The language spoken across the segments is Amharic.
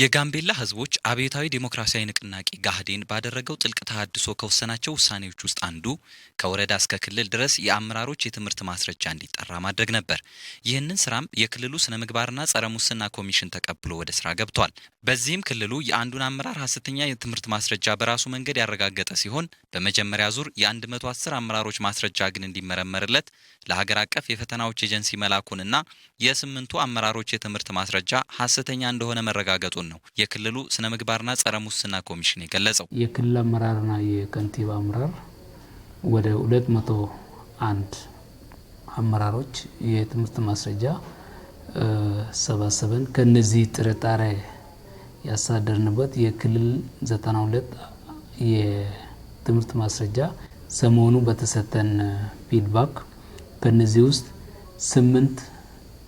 የጋምቤላ ህዝቦች አብዮታዊ ዴሞክራሲያዊ ንቅናቄ ጋህዴን ባደረገው ጥልቅ ተሃድሶ ከወሰናቸው ውሳኔዎች ውስጥ አንዱ ከወረዳ እስከ ክልል ድረስ የአመራሮች የትምህርት ማስረጃ እንዲጠራ ማድረግ ነበር። ይህንን ስራም የክልሉ ስነ ምግባርና ጸረ ሙስና ኮሚሽን ተቀብሎ ወደ ስራ ገብቷል። በዚህም ክልሉ የአንዱን አመራር ሀሰተኛ የትምህርት ማስረጃ በራሱ መንገድ ያረጋገጠ ሲሆን በመጀመሪያ ዙር የ110 አመራሮች ማስረጃ ግን እንዲመረመርለት ለሀገር አቀፍ የፈተናዎች ኤጀንሲ መላኩንና የስምንቱ አመራሮች የትምህርት ማስረጃ ሀሰተኛ እንደሆነ መረጋገጡን መሆኑን ነው የክልሉ ስነ ምግባርና ጸረ ሙስና ኮሚሽን የገለጸው። የክልል አመራርና የከንቲባ አመራር ወደ ሁለት መቶ አንድ አመራሮች የትምህርት ማስረጃ ሰባሰበን ከነዚህ ጥርጣሬ ያሳደርንበት የክልል ዘጠና ሁለት የትምህርት ማስረጃ ሰሞኑ በተሰጠን ፊድባክ ከነዚህ ውስጥ ስምንት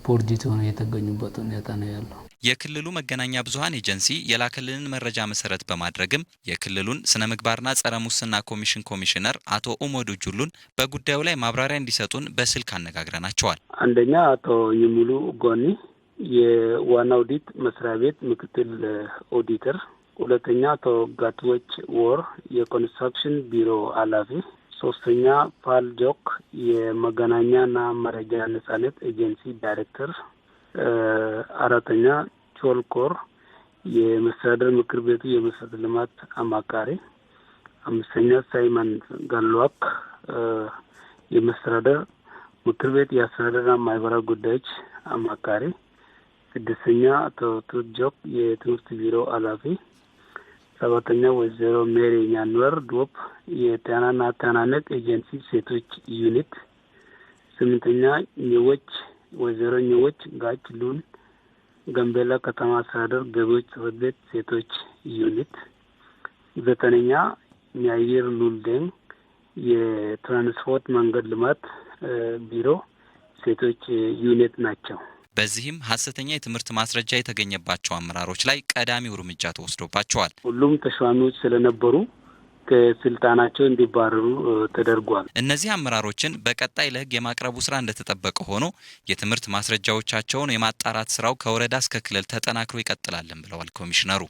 ቦርጅት ሆነ የተገኙበት ሁኔታ ነው ያለው። የክልሉ መገናኛ ብዙኃን ኤጀንሲ የላከልንን መረጃ መሰረት በማድረግም የክልሉን ስነ ምግባርና ጸረ ሙስና ኮሚሽን ኮሚሽነር አቶ ኡመዱ ጁሉን በጉዳዩ ላይ ማብራሪያ እንዲሰጡን በስልክ አነጋግረናቸዋል። አንደኛ አቶ ይሙሉ ጎኒ የዋና ኦዲት መስሪያ ቤት ምክትል ኦዲተር፣ ሁለተኛ አቶ ጋትዎች ወር የኮንስትራክሽን ቢሮ ኃላፊ ሶስተኛ ፓል ጆክ የመገናኛና መረጃ ነጻነት ኤጀንሲ ዳይሬክተር፣ አራተኛ ቾልኮር የመስተዳደር ምክር ቤቱ የመሰረተ ልማት አማካሪ፣ አምስተኛ ሳይመን ጋሎዋክ የመስተዳደር ምክር ቤት የአስተዳደርና ማህበራዊ ጉዳዮች አማካሪ፣ ስድስተኛ አቶ ቱጆክ የትምህርት ቢሮ ኃላፊ ሰባተኛው ወይዘሮ ሜሪ ኛንወር ዶፕ የጤናና ማጠናነቅ ኤጀንሲ ሴቶች ዩኒት፣ ስምንተኛ ኝዎች ወይዘሮ ኝዎች ጋች ሉን ገንቤላ ከተማ አስተዳደር ገቢዎች ጽሕፈት ቤት ሴቶች ዩኒት፣ ዘጠነኛ ሚያየር ሉልዴን የትራንስፖርት መንገድ ልማት ቢሮ ሴቶች ዩኒት ናቸው። በዚህም ሀሰተኛ የትምህርት ማስረጃ የተገኘባቸው አመራሮች ላይ ቀዳሚው እርምጃ ተወስዶባቸዋል። ሁሉም ተሿሚዎች ስለነበሩ ከስልጣናቸው እንዲባረሩ ተደርጓል። እነዚህ አመራሮችን በቀጣይ ለህግ የማቅረቡ ስራ እንደተጠበቀ ሆኖ የትምህርት ማስረጃዎቻቸውን የማጣራት ስራው ከወረዳ እስከ ክልል ተጠናክሮ ይቀጥላልን ብለዋል ኮሚሽነሩ።